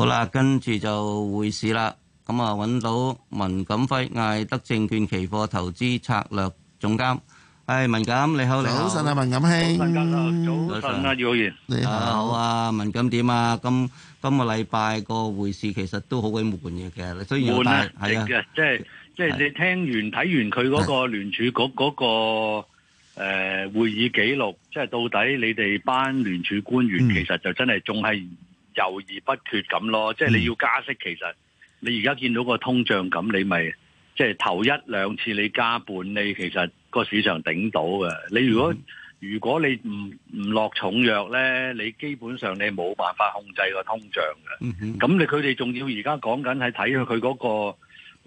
好啦，跟住就匯市啦。咁啊，揾到文錦輝，艾德證券期貨投資策略總監。唉，文錦，你好，你好。早晨啊，文錦兄。早晨教授，早晨啊，姚員。你好。啊，好啊，文錦點啊？今今個禮拜個匯市其實都好鬼悶嘅，其實。悶啊，係啊，即係即係你聽完睇完佢嗰個聯儲局嗰個誒會議記錄，即係到底你哋班聯儲官員其實就真係仲係。猶豫不決咁咯，即係你要加息，其實你而家見到個通脹咁，你咪即係頭一兩次你加半，你其實個市場頂到嘅。你如果如果你唔唔落重藥咧,你基本上你冇辦法控制個通脹嘅。咁你佢哋仲要而家講緊係睇佢佢嗰個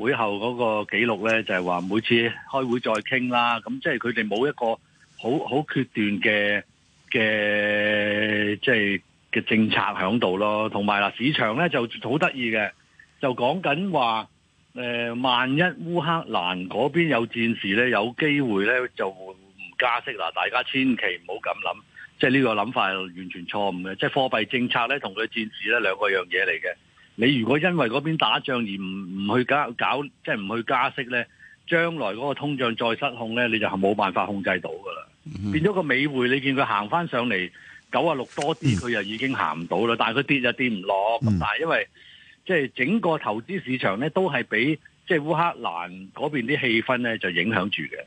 會後嗰個記錄咧，就係話每次開會再傾啦。咁即係佢哋冇一個好好決斷嘅嘅，即係。嘅政策響度咯，同埋嗱，市場咧就好得意嘅，就講緊話誒，萬一烏克蘭嗰邊有戰事咧，有機會咧就唔加息嗱，大家千祈唔好咁諗，即係呢個諗法係完全錯誤嘅，即係貨幣政策咧同佢戰事咧兩個樣嘢嚟嘅。你如果因為嗰邊打仗而唔唔去加搞，即係唔去加息咧，將來嗰個通脹再失控咧，你就係冇辦法控制到噶啦，變咗個美匯，你見佢行翻上嚟。九啊六多啲，佢又已經行唔到啦。但係佢跌就跌唔落。咁但係因為即係整個投資市場咧，都係俾即係烏克蘭嗰邊啲氣氛咧，就影響住嘅。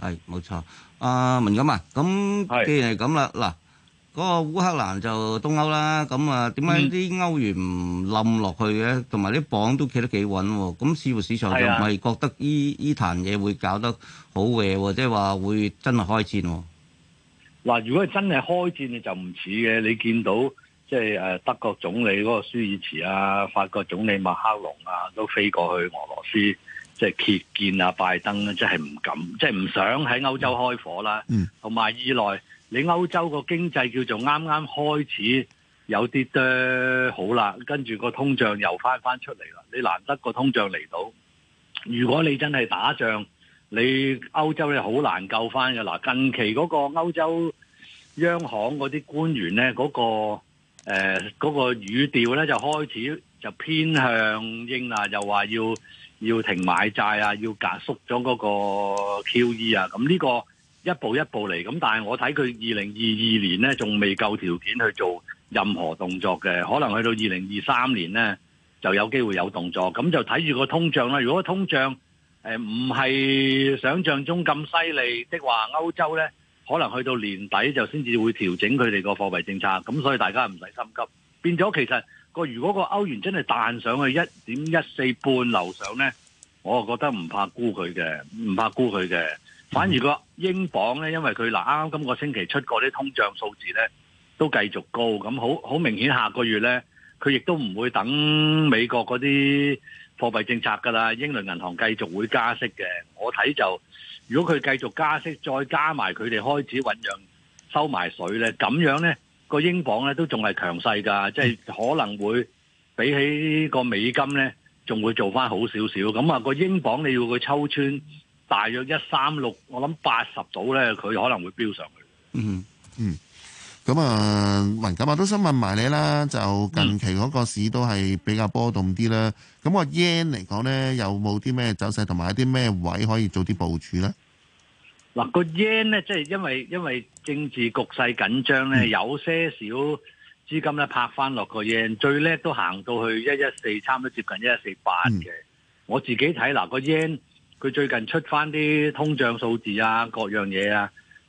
係冇錯，阿文錦啊，咁既然係咁啦，嗱，嗰個烏克蘭就東歐啦。咁啊，點解啲歐元冧落去嘅？同埋啲鎊都企得幾穩喎。咁似乎市場就唔係覺得依依壇嘢會搞得好嘅，即係話會真係開戰喎。嗱，如果真係開戰，就唔似嘅。你見到即係德國總理嗰個舒爾茨啊，法國總理麥克龍啊，都飛過去俄羅斯，即係揭見啊，拜登咧，即係唔敢，即係唔想喺歐洲開火啦。嗯，同埋二來，你歐洲個經濟叫做啱啱開始有啲多、呃、好啦，跟住個通脹又翻翻出嚟啦。你難得個通脹嚟到，如果你真係打仗。你歐洲咧，好難救翻㗎喇。近期嗰個歐洲央行嗰啲官員咧，嗰個誒，嗰個語調咧就開始就偏向鷹啦，又話要要停買債啊，要減縮咗嗰個 QE 啊，咁呢個一步一步嚟，咁但係我睇佢二零二二年咧仲未夠條件去做任何動作嘅，可能去到二零二三年咧就有機會有動作，咁就睇住個通脹啦。如果通脹，誒唔係想像中咁犀利的話，歐洲咧可能去到年底就先至會調整佢哋個貨幣政策，咁所以大家唔使心急。變咗其實個如果個歐元真係彈上去一點一四半樓上咧，我就覺得唔怕沽佢嘅，唔怕沽佢嘅。反而個英鎊咧，因為佢嗱啱啱今個星期出過啲通脹數字咧，都繼續高，咁好好明顯下個月咧，佢亦都唔會等美國嗰啲。貨幣政策噶啦，英倫銀行繼續會加息嘅。我睇就，如果佢繼續加息，再加埋佢哋開始醞釀收埋水咧，咁樣咧個英鎊咧都仲係強勢噶，即係可能會比起個美金咧，仲會做翻好少少。咁啊，個英鎊你要佢抽穿大約一三六，我諗八十度咧，佢可能會飆上去。嗯嗯。咁啊，文錦啊，都想問埋你啦。就近期嗰個市都係比較波動啲啦。咁、嗯、個 yen 嚟講咧，有冇啲咩走勢，同埋一啲咩位可以做啲部署咧？嗱、嗯，個 yen 咧，即係因為因為政治局勢緊張咧，有些少資金咧拍翻落個 yen，最叻都行到去一一四，差唔多接近一一四八嘅。嗯、我自己睇嗱個 yen，佢最近出翻啲通脹數字啊，各樣嘢啊。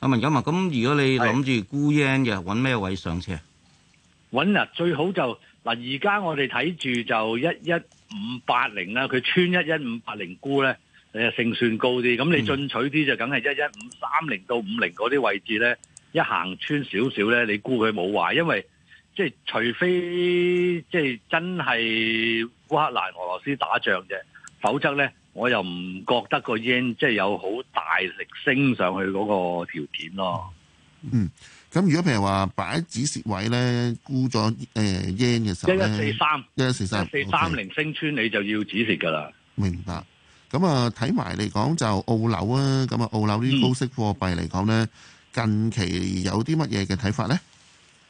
阿文咁啊，咁、啊、如果你諗住沽 yen 嘅，搵咩位上車？搵啊，最好就嗱，而家我哋睇住就一一五八零啦，佢穿一一五八零沽咧，誒，勝算高啲。咁你進取啲就梗係一一五三零到五零嗰啲位置咧，一行穿少少咧，你沽佢冇壞，因為即係除非即係真係烏克蘭俄羅斯打仗啫，否則咧我又唔覺得個 yen 即係有好。大力升上去嗰個條件咯。嗯，咁如果譬如話擺止蝕位咧，沽咗誒 yen 嘅時候咧，一四三，一四三零升穿你就要止蝕噶啦。明白。咁啊，睇埋嚟講就澳樓啊，咁啊澳樓呢啲高息貨幣嚟講咧，近期有啲乜嘢嘅睇法咧？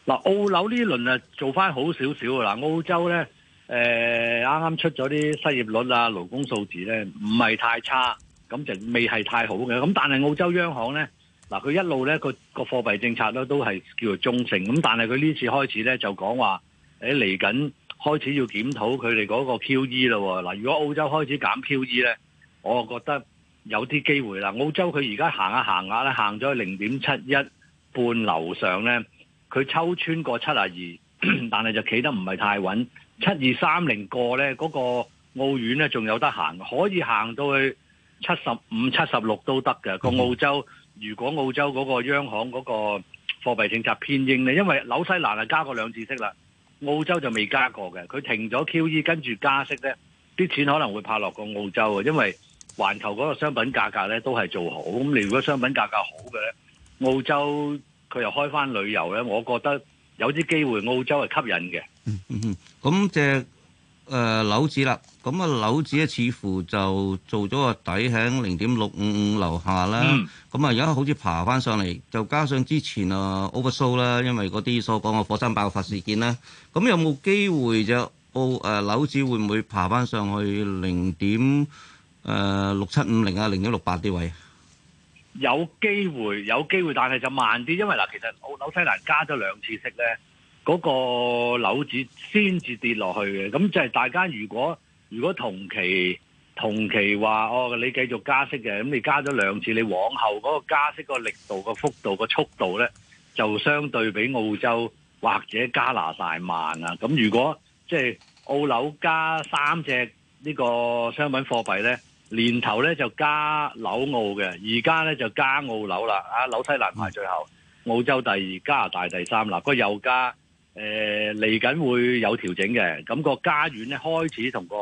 嗱，澳樓呢輪啊做翻好少少啊。嗱，澳洲咧，誒啱啱出咗啲失業率啊、勞工數字咧，唔係太差。咁就未係太好嘅，咁但係澳洲央行呢，嗱佢一路呢個個貨幣政策咧都係叫做中性，咁但係佢呢次開始呢，就講話，誒嚟緊開始要檢討佢哋嗰個 QE 咯、哦，嗱如果澳洲開始減 QE 呢，我覺得有啲機會啦。澳洲佢而家行下、啊、行下、啊啊，咧行咗去零點七一半樓上呢，佢抽穿過七啊二，但係就企得唔係太穩，七二三零過呢，嗰、嗰個澳元呢，仲有得行，可以行到去，七十五、七十六都得嘅，個澳洲，如果澳洲嗰個央行嗰個貨幣政策偏鷹咧，因為紐西蘭係加過兩次息啦，澳洲就未加過嘅。佢停咗 QE，跟住加息呢啲錢可能會拍落個澳洲啊。因為環球嗰個商品價格呢都係做好，咁你如果商品價格好嘅咧，澳洲佢又開返旅遊咧，我覺得有啲機會澳洲係吸引嘅。嗯。嗯嗯咁即誒紐、呃、紙啦，咁啊紐紙咧似乎就做咗個底喺零點六五五樓下啦。咁啊而家好似爬翻上嚟，就加上之前啊 oversold 啦，因為嗰啲所講嘅火山爆發事件啦。咁有冇機會就澳誒紐紙會唔會爬翻上去零點誒六七五零啊零點六八啲位？有機會有機會，但係就慢啲，因為嗱，其實澳紐西蘭加咗兩次息咧。嗰個樓指先至跌落去嘅，咁就係大家如果如果同期同期話哦，你繼續加息嘅，咁你加咗兩次，你往後嗰個加息個力度、個幅度、個速度呢，就相對比澳洲或者加拿大慢啊。咁如果即係、就是、澳樓加三隻呢個商品貨幣呢，年頭呢就加紐澳嘅，而家呢就加澳樓啦，啊紐西蘭排最後，澳洲第二，加拿大第三，嗱個又加。誒，嚟緊會有調整嘅，咁個加元咧開始同個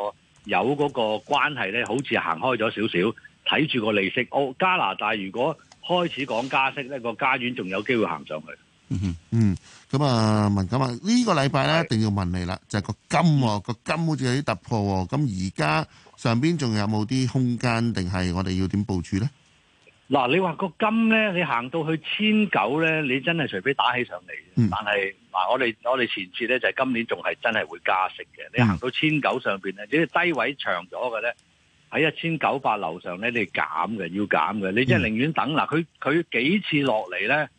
有嗰個關係咧，好似行開咗少少，睇住個利息。哦加拿大如果開始講加息咧，個加元仲有機會行上去。嗯哼，嗯，咁啊，問咁啊呢個禮拜咧，一定要問你啦，就係個金喎，個金好似有啲突破喎，咁而家上面仲有冇啲空間，定係我哋要點部署咧？嗱，你話個金咧，你行到去千九咧，你真係除非打起上嚟。但係嗱、嗯，我哋我哋前次咧就係、是、今年仲係真係會加息嘅。你行到千九上邊咧，只要低位長咗嘅咧，喺一千九百樓上咧，你減嘅，要減嘅。你真係寧願等嗱，佢佢、嗯、幾次落嚟咧，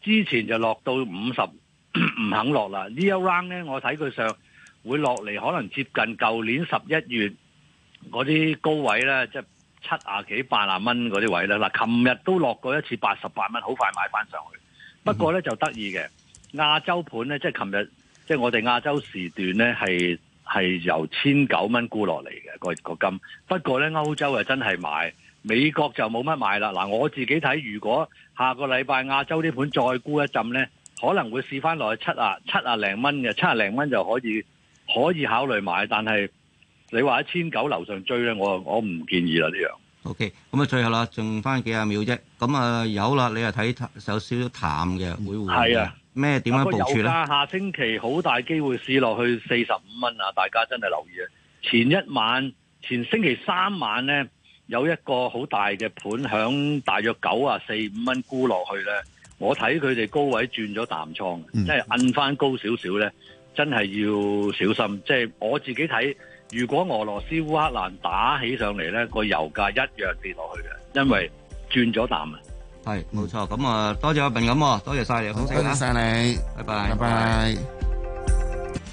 之前就落到五十唔肯落啦。一呢一 round 咧，我睇佢上會落嚟，可能接近舊年十一月嗰啲高位咧，即係。七啊幾八啊蚊嗰啲位咧，嗱，琴日都落過一次八十八蚊，好快買翻上去。不過咧就得意嘅，亞洲盤咧即係琴日，即係我哋亞洲時段咧係係由千九蚊沽落嚟嘅個個金。不過咧歐洲又真係買，美國就冇乜買啦。嗱，我自己睇如果下個禮拜亞洲啲盤再沽一浸咧，可能會試翻落去七啊七啊零蚊嘅，七啊零蚊就可以可以考慮買，但係。你話喺千九樓上追咧，我我唔建議啦。呢樣 O K。咁啊，最後啦，仲翻幾廿秒啫。咁啊，有啦，你又睇有少少淡嘅會會。係啊，咩點樣部署咧？個油價下星期好大機會試落去四十五蚊啊！大家真係留意啊！前一晚，前星期三晚咧，有一個好大嘅盤響大約九啊四五蚊沽落去咧。我睇佢哋高位轉咗淡倉，即係按翻高少少咧，真係要小心。即係我自己睇。如果俄羅斯烏克蘭打起上嚟咧，個油價一樣跌落去嘅，因為轉咗淡啊。係，冇錯。咁啊，多謝阿炳咁，多謝晒，多謝晒你。拜拜。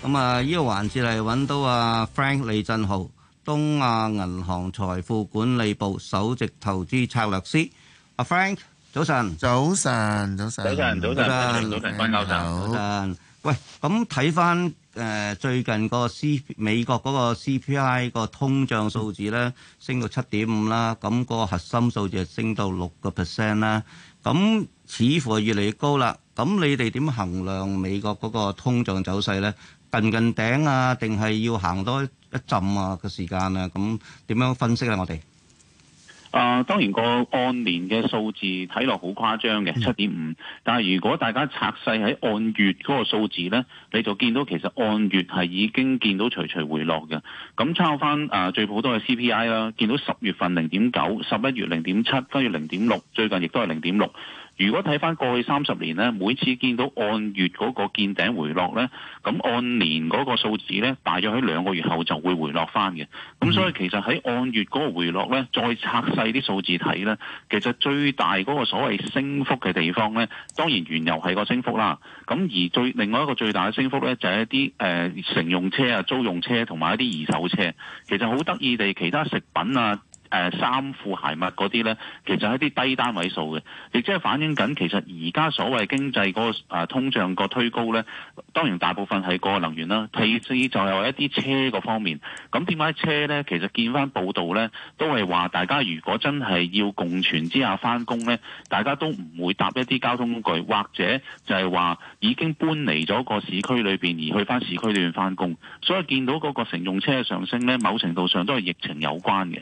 咁啊，呢個環節嚟揾到阿 Frank 李振豪，東亞銀行財富管理部首席投資策略師。阿 Frank，早晨。早晨，早晨，早晨，早晨，早晨，早晨，早晨。喂，咁睇翻。誒，最近個 C 美國嗰個 CPI 個通脹數字咧，升到七點五啦，咁個核心數字係升到六個 percent 啦，咁似乎係越嚟越高啦。咁你哋點衡量美國嗰個通脹走勢咧？近近頂啊，定係要行多一陣啊嘅時間啊？咁點樣分析咧？我哋？啊、呃，當然個按年嘅數字睇落好誇張嘅，七點五。但係如果大家拆細喺按月嗰個數字呢，你就見到其實按月係已經見到徐徐回落嘅。咁、嗯、抄翻啊、呃，最普通嘅 CPI 啦，見到十月份零點九，十一月零點七，跟住零點六，最近亦都係零點六。如果睇返過去三十年呢，每次見到按月嗰個見頂回落呢，咁按年嗰個數字呢，大約喺兩個月後就會回落返嘅。咁所以其實喺按月嗰個回落呢，再拆細啲數字睇呢，其實最大嗰個所謂升幅嘅地方呢，當然原油係個升幅啦。咁而最另外一個最大嘅升幅呢，就係一啲誒乘用車啊、租用車同埋一啲二手車，其實好得意地，其他食品啊。誒衫褲鞋襪嗰啲咧，其實係一啲低單位數嘅，亦即係反映緊。其實而家所謂經濟嗰個通脹個推高咧，當然大部分係個能源啦，其次就係話一啲車個方面。咁點解車咧？其實見翻報道咧，都係話大家如果真係要共存之下翻工咧，大家都唔會搭一啲交通工具，或者就係話已經搬離咗個市區裏邊而去翻市區裏邊翻工。所以見到嗰個乘用車嘅上升咧，某程度上都係疫情有關嘅。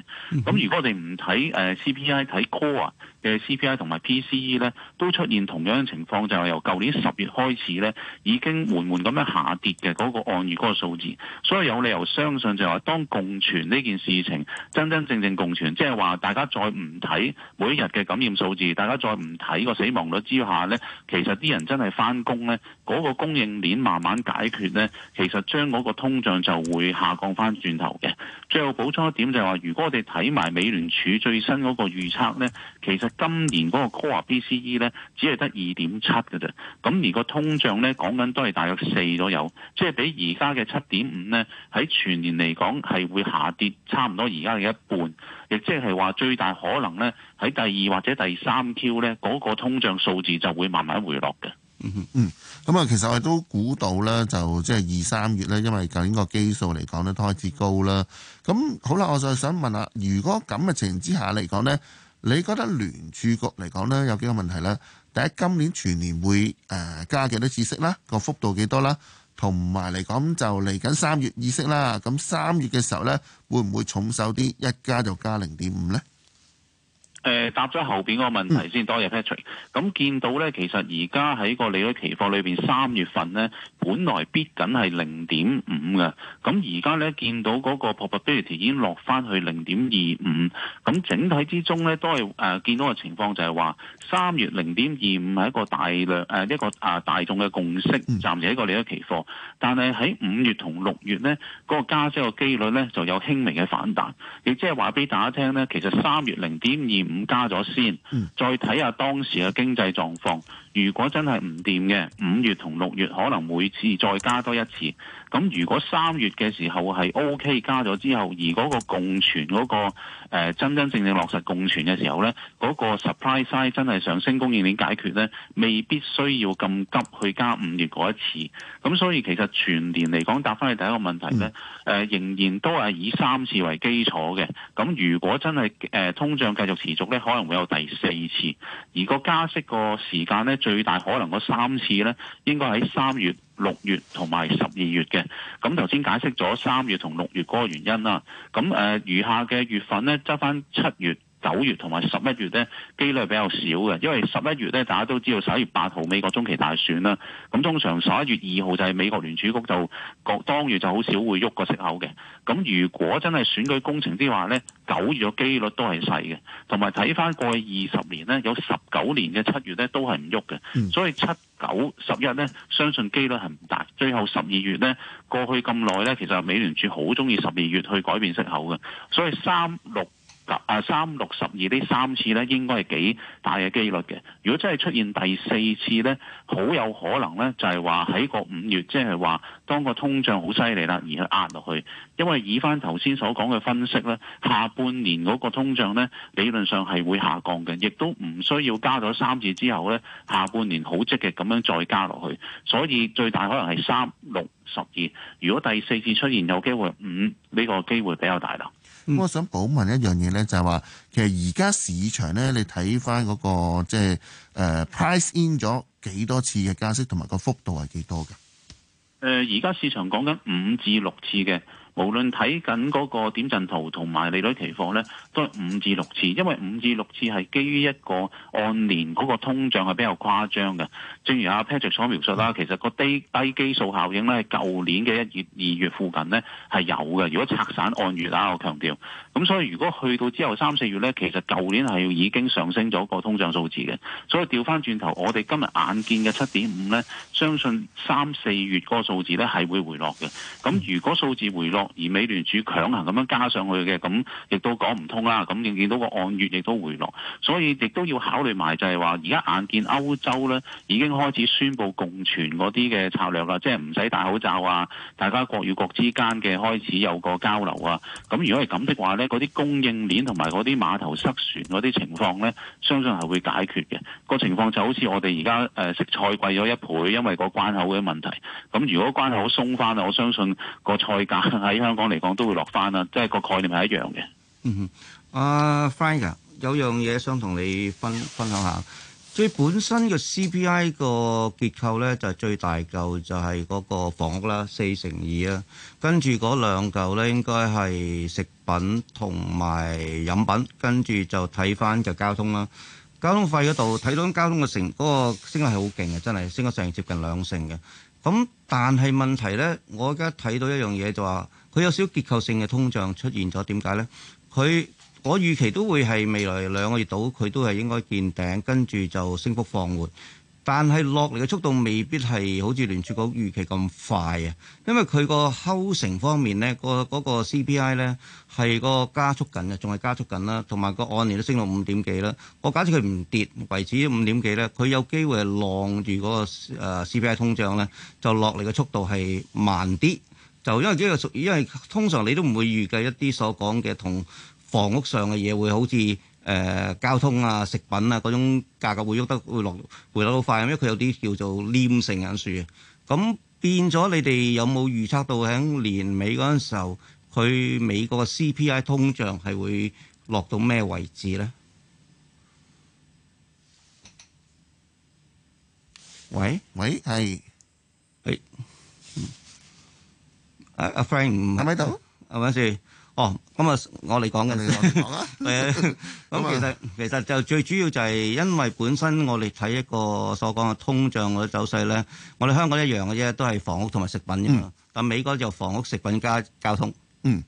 咁如果我哋唔睇誒 CPI 睇 Core 啊，嘅 CPI 同埋 PCE 呢都出現同樣嘅情況，就係由舊年十月開始呢已經緩緩咁樣下跌嘅嗰個按月嗰個數字，所以有理由相信就係當共存呢件事情真真正正共存，即係話大家再唔睇每一日嘅感染數字，大家再唔睇個死亡率之下呢，其實啲人真係翻工呢嗰個供應鏈慢慢解決呢，其實將嗰個通脹就會下降翻轉頭嘅。最後補充一點就係話，如果我哋睇埋美聯儲最新嗰個預測呢，其實，今年嗰個 Core PCE 咧，只係得二點七嘅啫。咁而個通脹咧，講緊都係大約四左右，即係比而家嘅七點五咧，喺全年嚟講係會下跌差唔多而家嘅一半。亦即係話最大可能咧，喺第二或者第三 Q 咧，嗰、嗰個通脹數字就會慢慢回落嘅、嗯。嗯嗯，咁啊，其實我哋都估到咧，就即係二三月咧，因為舊年個基數嚟講咧，都開始高啦。咁好啦，我就想問下，如果咁嘅情形之下嚟講咧？你覺得聯儲局嚟講呢，有幾個問題啦。第一，今年全年會誒、呃、加幾多次息啦，個幅度幾多啦？同埋嚟講就嚟緊三月議息啦，咁三月嘅時候呢，會唔會重手啲？一加就加零點五呢？誒，答咗後邊個問題先，多謝 Patrick。咁見到咧，其實而家喺個利率期貨裏邊，三月份咧，本來必緊係零點五嘅，咁而家咧，見到嗰個 probability 已經落翻去零點二五。咁整體之中咧，都係誒、呃、見到嘅情況就係話，三月零點二五係一個大量誒、呃、一個啊大眾嘅共識，暫時係一個利率期貨。但係喺五月同六月咧，嗰、那個加息嘅機率咧就有輕微嘅反彈。亦即係話俾大家聽咧，其實三月零點二五。唔加咗先，嗯、再睇下當時嘅經濟狀況。如果真係唔掂嘅，五月同六月可能每次再加多一次。咁如果三月嘅時候係 O.K. 加咗之後，而嗰個共存嗰、嗰個、呃、真真正正落實共存嘅時候呢，嗰、嗰個 supply side 真係上升，供應鏈解決呢，未必需要咁急去加五月嗰一次。咁所以其實全年嚟講，答翻你第一個問題呢，呃、仍然都係以三次為基礎嘅。咁如果真係誒、呃、通脹繼續持續呢，可能會有第四次。而個加息個時間呢。最大可能嗰三次呢，應該喺三月、六月同埋十二月嘅。咁頭先解釋咗三月同六月嗰個原因啦。咁誒、呃，餘下嘅月份呢，執翻七月。九月同埋十一月呢，機率比較少嘅，因為十一月呢，大家都知道十一月八號美國中期大選啦。咁通常十一月二號就係美國聯儲局就當月就好少會喐個息口嘅。咁如果真係選舉工程之話呢，九月嘅機率都係細嘅。同埋睇翻過去二十年呢，有十九年嘅七月呢都係唔喐嘅。所以七九十一呢，相信機率係唔大。最後十二月呢，過去咁耐呢，其實美聯儲好中意十二月去改變息口嘅。所以三六。啊，三六十二呢三次呢應該係幾大嘅機率嘅。如果真係出現第四次呢，好有可能呢就係話喺個五月，即係話當個通脹好犀利啦，而去壓落去。因為以翻頭先所講嘅分析呢，下半年嗰個通脹呢理論上係會下降嘅，亦都唔需要加咗三次之後呢，下半年好積極咁樣再加落去。所以最大可能係三六十二。如果第四次出現有機會五，呢個機會比較大啦。嗯、我想補問一樣嘢咧，就係、是、話其實而家市場咧，你睇翻嗰個即係誒 price in 咗幾多次嘅加息同埋個幅度係幾多嘅？誒，而家市場講緊五至六次嘅。無論睇緊嗰個點陣圖同埋利率期貨咧，都係五至六次，因為五至六次係基於一個按年嗰個通脹係比較誇張嘅。正如阿 Patrick 所描述啦，其實個低低基數效應咧，係舊年嘅一月、二月附近咧係有嘅。如果拆散按月啦，我強調。咁所以如果去到之後三四月呢，其實舊年係已經上升咗個通脹數字嘅，所以調翻轉頭，我哋今日眼見嘅七點五呢，相信三四月個數字呢係會回落嘅。咁如果數字回落而美聯儲強行咁樣加上去嘅，咁亦都講唔通啦。咁亦見到個按月亦都回落，所以亦都要考慮埋就係話，而家眼見歐洲呢已經開始宣布共存嗰啲嘅策略啦，即係唔使戴口罩啊，大家國與國之間嘅開始有個交流啊。咁如果係咁的話呢，嗰啲供應鏈同埋嗰啲碼頭塞船嗰啲情況呢，相信係會解決嘅。個情況就好似我哋而家誒食菜貴咗一倍，因為個關口嘅問題。咁如果關口鬆返啦，我相信個菜價喺香港嚟講都會落返啦。即係個概念係一樣嘅。嗯哼，阿、uh, Frank、啊、有樣嘢想同你分分享下，最本身嘅 CPI 個結構呢，就係最大嚿就係嗰個房屋啦，四成二啊，跟住嗰兩嚿呢應該係食品同埋飲品，跟住就睇翻就交通啦。交通費嗰度睇到交通嘅成嗰個升係好勁嘅，真係升個成接近兩成嘅。咁但係問題呢，我而家睇到一樣嘢就話，佢有少結構性嘅通脹出現咗，點解呢？佢我預期都會係未來兩個月度，佢都係應該見頂，跟住就升幅放緩。但係落嚟嘅速度未必係好似聯儲局預期咁快啊，因為佢個構成方面咧，嗰個、嗰個、CPI 咧係個加速緊嘅，仲係加速緊啦，同埋個按年都升到五點幾啦。我假設佢唔跌，維持五點幾咧，佢有機會係晾住嗰個 CPI 通脹咧，就落嚟嘅速度係慢啲，就因為呢個屬於，因為通常你都唔會預計一啲所講嘅同房屋上嘅嘢會好似。誒交通啊、食品啊嗰種價格會喐得會回落得好快，因為佢有啲叫做黏性因素。咁變咗，你哋有冇預測到喺年尾嗰陣時候，佢美國嘅 CPI 通脹係會落到咩位置咧？喂喂，係，誒，阿 Frank，係咪喺度，係咪先？哦，咁啊，我嚟講嘅，你講啊，誒，咁其實其實就最主要就係因為本身我哋睇一個所講嘅通脹嘅走勢咧，我哋香港一樣嘅啫，都係房屋同埋食品啫嘛。但美國就房屋、食品加交通。嗯。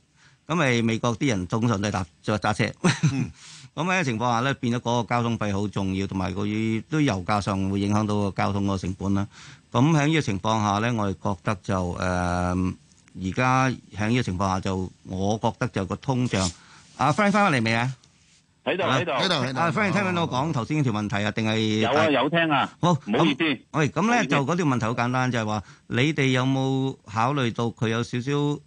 咁咪美國啲人通常都搭就揸車。咁喺情況下咧，變咗嗰個交通費好重要，同埋佢都油價上會影響到個交通個成本啦。咁喺呢個情況下咧，我哋覺得就誒。而家喺呢個情況下，就我覺得就個通脹。阿 Frank 翻返嚟未啊？喺度喺度。阿 Frank 聽緊我講頭先呢條問題啊？定係有啊，有聽啊。好，唔好意思。喂，咁咧就嗰條問題好簡單，就係話你哋有冇考慮到佢有少少誒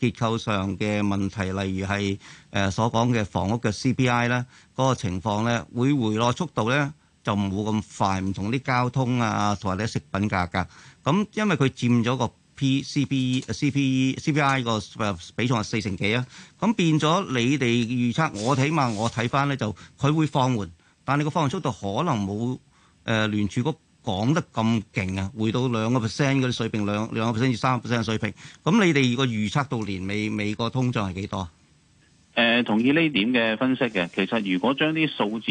結構上嘅問題，例如係誒所講嘅房屋嘅 CPI 咧嗰個情況咧，會回落速度咧就唔會咁快，唔同啲交通啊，同埋啲食品價格。咁因為佢佔咗個。C C P E C P E C P I 個比重係四成幾啊？咁變咗你哋預測，我起碼我睇翻咧就佢會放緩，但係你個放緩速度可能冇誒聯儲局講得咁勁啊，回到兩個 percent 嗰啲水平，兩兩個 percent 至三個 percent 嘅水平。咁你哋如果預測到年尾美國通脹係幾多？誒、呃、同意呢點嘅分析嘅，其實如果將啲數字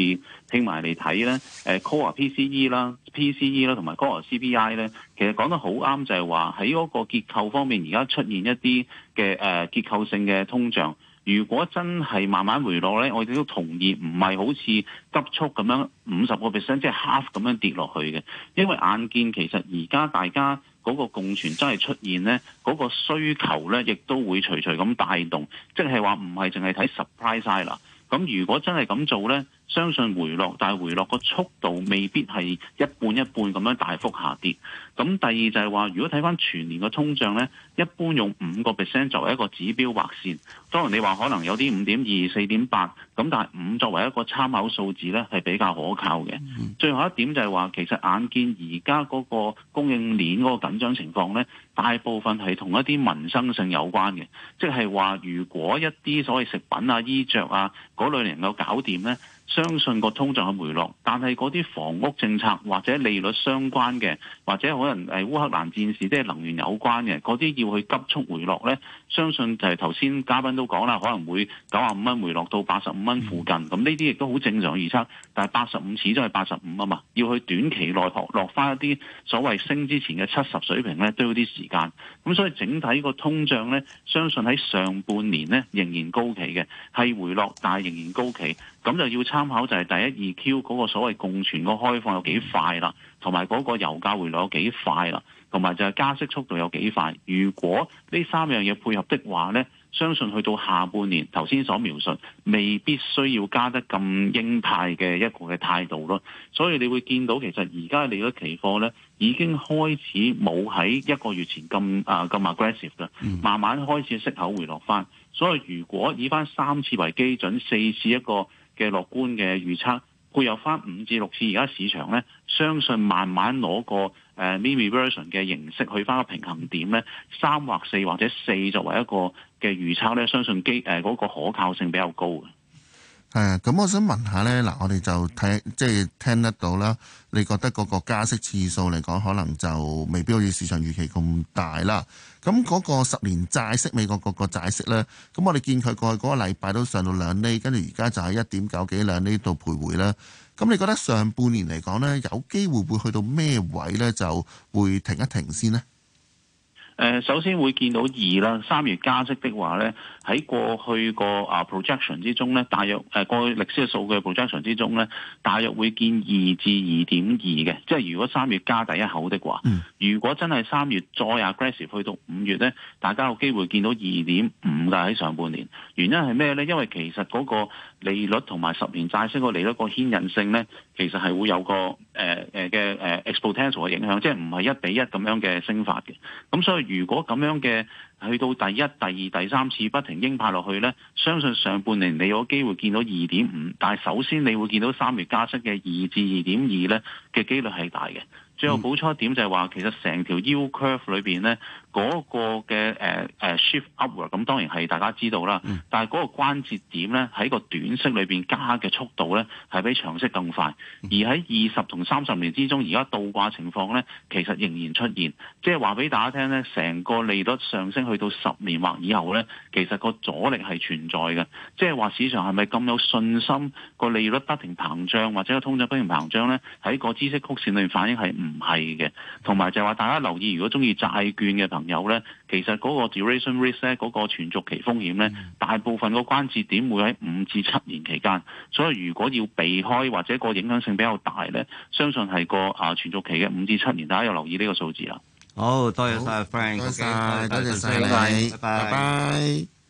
聽埋嚟睇咧，誒、呃、core PCE 啦、PCE 啦同埋 core CPI 咧，其實講得好啱，就係話喺嗰個結構方面而家出現一啲嘅誒結構性嘅通脹。如果真係慢慢回落咧，我哋都同意，唔係好似急速咁樣五十個 percent，即係 half 咁樣跌落去嘅，因為眼見其實而家大家。嗰個共存真係出現咧，嗰、嗰個需求咧，亦都會隨隨咁帶動，即係話唔係淨係睇 supply side 啦。咁如果真係咁做咧，相信回落，但係回落個速度未必係一半一半咁樣大幅下跌。咁第二就係話，如果睇翻全年個通脹咧，一般用五個 percent 作為一個指標劃線，當然你話可能有啲五點二、四點八，咁但係五作為一個參考數字咧係比較可靠嘅。最後一點就係話，其實眼見而家嗰個供應鏈嗰個緊張情況咧，大部分係同一啲民生性有關嘅，即係話，如果一啲所謂食品啊、衣着啊嗰類能夠搞掂咧。相信個通脹嘅回落，但係嗰啲房屋政策或者利率相關嘅，或者可能係烏克蘭戰事，即係能源有關嘅嗰啲，要去急速回落咧。相信就係頭先嘉賓都講啦，可能會九十五蚊回落到八十五蚊附近，咁呢啲亦都好正常預測。但係八十五始終係八十五啊嘛，要去短期內落落返一啲所謂升之前嘅七十水平咧，都要啲時間。咁所以整體個通脹咧，相信喺上半年咧仍然高企嘅，係回落但係仍然高企。咁就要參考就係第一二 Q 嗰個所謂共存個開放有幾快啦，同埋嗰個油價回落有幾快啦。同埋就係加息速度有幾快？如果呢三樣嘢配合的話，呢，相信去到下半年頭先所描述，未必需要加得咁鷹派嘅一個嘅態度咯。所以你會見到其實而家你嘅期貨呢，已經開始冇喺一個月前咁啊，咁 aggressive 嘅，慢慢開始息口回落翻。所以如果以翻三次為基準，四次一個嘅樂觀嘅預測。會有翻五至六次，而家市場咧，相信慢慢攞個誒、呃、mini version 嘅形式去翻個平衡點咧，三或四或者四作為一個嘅預測咧，相信基誒嗰個可靠性比較高嘅。係啊，咁我想問下呢，嗱，我哋就睇即係聽得到啦。你覺得嗰個加息次數嚟講，可能就未必好似市場預期咁大啦。咁嗰個十年債息，美國嗰個債息呢，咁我哋見佢過去嗰個禮拜都上到兩厘，跟住而家就係一點九幾兩厘度徘徊啦。咁你覺得上半年嚟講呢，有機會會去到咩位呢？就會停一停先呢。誒，首先會見到二啦，三月加息的話咧，喺過去個啊 projection 之中，咧，大約誒過去歷史嘅數據 projection 之中，咧，大約會見二至二點二嘅。即係如果三月加第一口的話，如果真係三月再 aggressive 去到五月咧，大家有機會見到二點五嘅喺上半年。原因係咩咧？因為其實嗰、那個利率同埋十年債息個利率個牽引性呢，其實係會有個誒嘅誒 exponential 嘅影響，即係唔係一比一咁樣嘅升法嘅。咁所以如果咁樣嘅去到第一、第二、第三次不停鷹派落去呢，相信上半年你有機會見到二點五，但係首先你會見到三月加息嘅二至二點二呢嘅機率係大嘅。最後補充一點就係話，其實成條 U curve 裏邊呢。嗰個嘅誒誒 shift upward，咁當然係大家知道啦。但係嗰個關節點咧，喺個短息裏邊加嘅速度咧，係比長息更快。而喺二十同三十年之中，而家倒掛情況咧，其實仍然出現。即係話俾大家聽咧，成個利率上升去到十年或以後咧，其實個阻力係存在嘅。即係話市場係咪咁有信心個利率不停膨脹，或者個通脹不停膨脹咧？喺個知識曲線裏面反映係唔係嘅？同埋就係話大家留意，如果中意債券嘅朋友有咧，其實嗰個 duration risk 嗰個存續期風險咧，大部分個關節點會喺五至七年期間，所以如果要避開或者個影響性比較大咧，相信係個啊存、呃、續期嘅五至七年，大家要留意呢個數字啊！好多謝晒，Frank，多謝曬，謝謝拜拜。拜拜拜拜。